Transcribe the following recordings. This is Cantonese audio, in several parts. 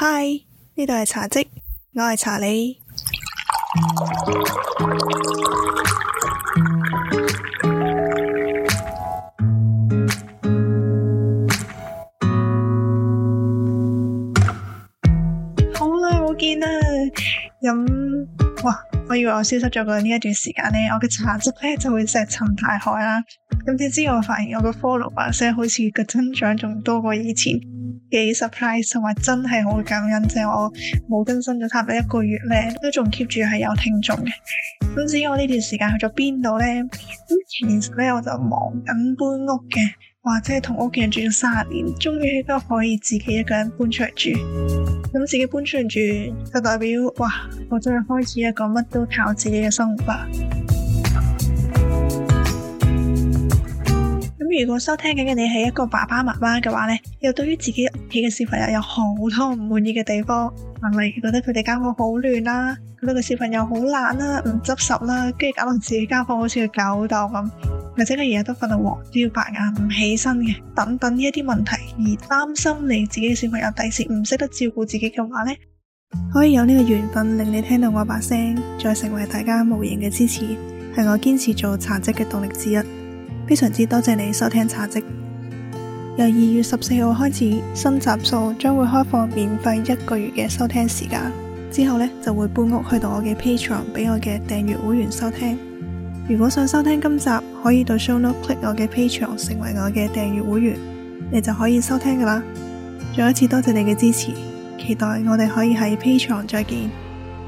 嗨，i 呢度係茶嘖，我係茶你。 好耐冇見啦，飲、嗯、我以為我消失咗嘅呢一段時間咧，我嘅茶嘖咧就會石沉大海啦。咁、嗯、點知我發現我嘅 follower 啊，即係好似嘅增長仲多過以前。幾 surprise 同埋真係好感恩，即係我冇更新咗差唔多一個月咧，都仲 keep 住係有聽眾嘅。咁至於我呢段時間去咗邊度呢？咁前年咧我就忙緊搬屋嘅，或者係同屋企人住咗卅年，終於都可以自己一個人搬出嚟住。咁自己搬出嚟住就代表哇，我真係開始一個乜都靠自己嘅生活。如果收聽緊嘅你係一個爸爸媽媽嘅話呢又對於自己屋企嘅小朋友有好多唔滿意嘅地方，例如覺得佢哋間房好亂啦，覺得個小朋友好懶啦，唔執拾啦，跟住搞到自己間房好似個狗竇咁，或者係日日都瞓到黃朝白眼唔起身嘅，等等呢一啲問題而擔心你自己嘅小朋友第時唔識得照顧自己嘅話呢可以有呢個緣分令你聽到我把聲，再成為大家無形嘅支持，係我堅持做茶嘖嘅動力之一。非常之多謝你收聽《茶嘖》，由二月十四號開始，新集數將會開放免費一個月嘅收聽時間，之後呢，就會搬屋去到我嘅 Patreon 俾我嘅訂閱會員收聽。如果想收聽今集，可以到 Show Note click 我嘅 Patreon 成為我嘅訂閱會員，你就可以收聽噶啦。再一次多謝你嘅支持，期待我哋可以喺 Patreon 再見，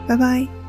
拜拜。